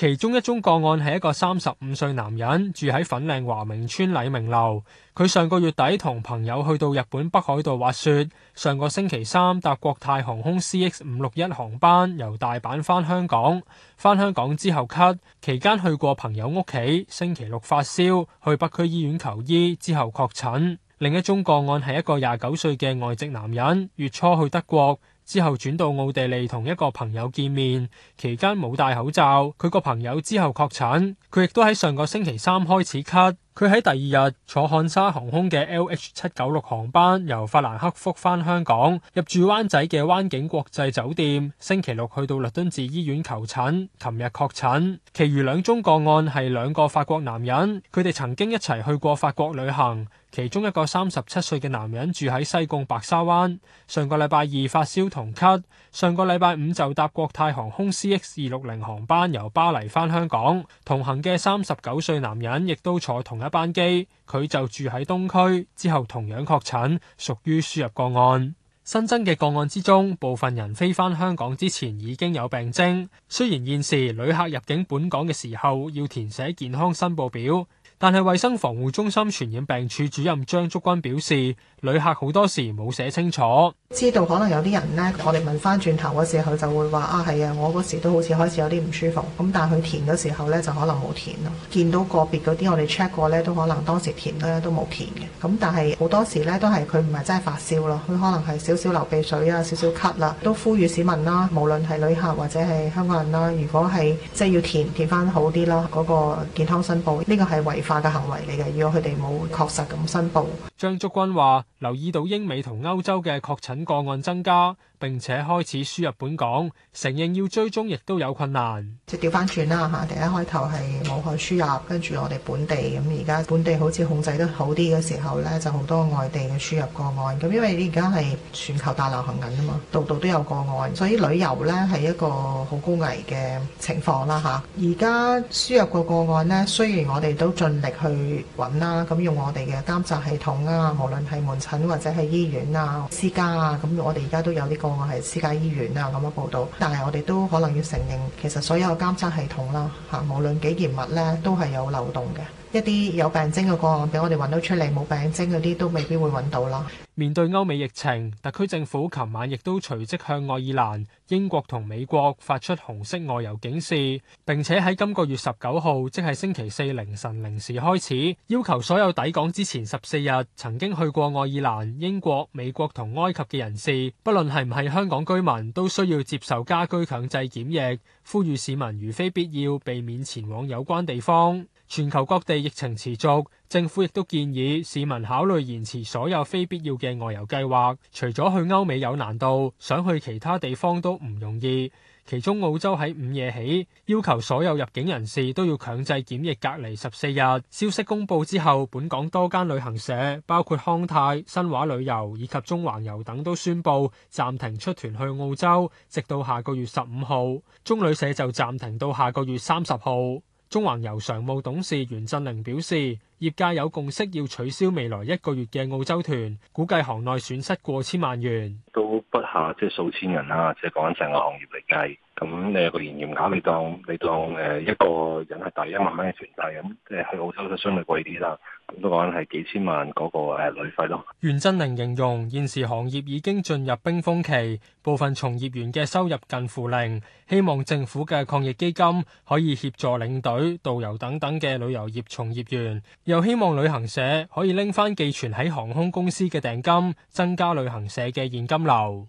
其中一宗個案係一個三十五歲男人，住喺粉嶺華明邨禮明樓。佢上個月底同朋友去到日本北海道滑雪，上個星期三搭國泰航空 CX 五六一航班由大阪返香港。返香港之後咳，期間去過朋友屋企，星期六發燒，去北區醫院求醫，之後確診。另一宗個案係一個廿九歲嘅外籍男人，月初去德國。之後轉到奧地利同一個朋友見面，期間冇戴口罩。佢個朋友之後確診，佢亦都喺上個星期三開始咳。佢喺第二日坐漢莎航空嘅 LH 七九六航班由法蘭克福返香港，入住灣仔嘅灣景國際酒店。星期六去到律敦治醫院求診，琴日確診。其餘兩宗個案係兩個法國男人，佢哋曾經一齊去過法國旅行。其中一個三十七歲嘅男人住喺西貢白沙灣，上個禮拜二發燒同級上個禮拜五就搭國泰航空 CX 二六零航班由巴黎返香港，同行嘅三十九歲男人亦都坐同一班機，佢就住喺東區，之後同樣確診，屬於輸入個案。新增嘅個案之中，部分人飛返香港之前已經有病徵。雖然現時旅客入境本港嘅時候要填寫健康申報表，但係衛生防護中心傳染病處主任張竹君表示，旅客好多時冇寫清楚。知道可能有啲人呢，我哋問翻轉頭嘅時候，佢就會話啊係啊，我嗰時都好似開始有啲唔舒服。咁但係佢填嗰時候呢，就可能冇填咯。見到個別嗰啲我哋 check 過呢，都可能當時填咧都冇填嘅。咁但係好多時呢，都係佢唔係真係發燒咯，佢可能係少少流鼻水啊，少少咳啦。都呼籲市民啦，無論係旅客或者係香港人啦，如果係即係要填填翻好啲啦，嗰個健康申報呢個係違法嘅行為嚟嘅，如果佢哋冇確實咁申報。張竹君話留意到英美同歐洲嘅確診。嗯，個案增加。並且開始輸入本港，承認要追蹤亦都有困難。即係調翻轉啦嚇，第一開頭係武漢輸入，跟住我哋本地咁而家本地好似控制得好啲嘅時候呢，就好多外地嘅輸入個案。咁因為你而家係全球大流行緊啊嘛，度度都有個案，所以旅遊呢係一個好高危嘅情況啦嚇。而家輸入個個案呢，雖然我哋都盡力去揾啦，咁用我哋嘅監察系統啊，無論係門診或者係醫院啊、私家啊，咁我哋而家都有呢、這個。我係私家醫院啊咁樣報道，但係我哋都可能要承認，其實所有監測系統啦嚇，無論幾嚴密咧，都係有漏洞嘅。一啲有病徵嘅個案俾我哋揾到出嚟，冇病徵嗰啲都未必會揾到咯。面對歐美疫情，特區政府琴晚亦都隨即向愛爾蘭、英國同美國發出紅色外遊警示。並且喺今個月十九號，即係星期四凌晨零時開始，要求所有抵港之前十四日曾經去過愛爾蘭、英國、美國同埃及嘅人士，不論係唔係香港居民，都需要接受家居強制檢疫。呼籲市民如非必要，避免前往有關地方。全球各地疫情持續，政府亦都建議市民考慮延遲所有非必要嘅外遊計劃，除咗去歐美有難度，想去其他地方都唔容易。其中澳洲喺午夜起要求所有入境人士都要強制檢疫隔離十四日。消息公布之後，本港多間旅行社，包括康泰、新華旅遊以及中環遊等，都宣布暫停出團去澳洲，直到下個月十五號，中旅社就暫停到下個月三十號。中環遊常務董事袁振寧表示。業界有共識要取消未來一個月嘅澳洲團，估計行內損失過千萬元，都不下即係數千人啦。即係講緊成個行業嚟計，咁你個營業額你當你當誒一個人係大一萬蚊嘅團費，咁即係去澳洲就相對貴啲啦。咁都講緊係幾千萬嗰個旅費咯。袁振寧形容現時行業已經進入冰封期，部分從業員嘅收入近乎零，希望政府嘅抗疫基金可以協助領隊、導遊等等嘅旅遊業從業員。又希望旅行社可以拎翻寄存喺航空公司嘅訂金，增加旅行社嘅現金流。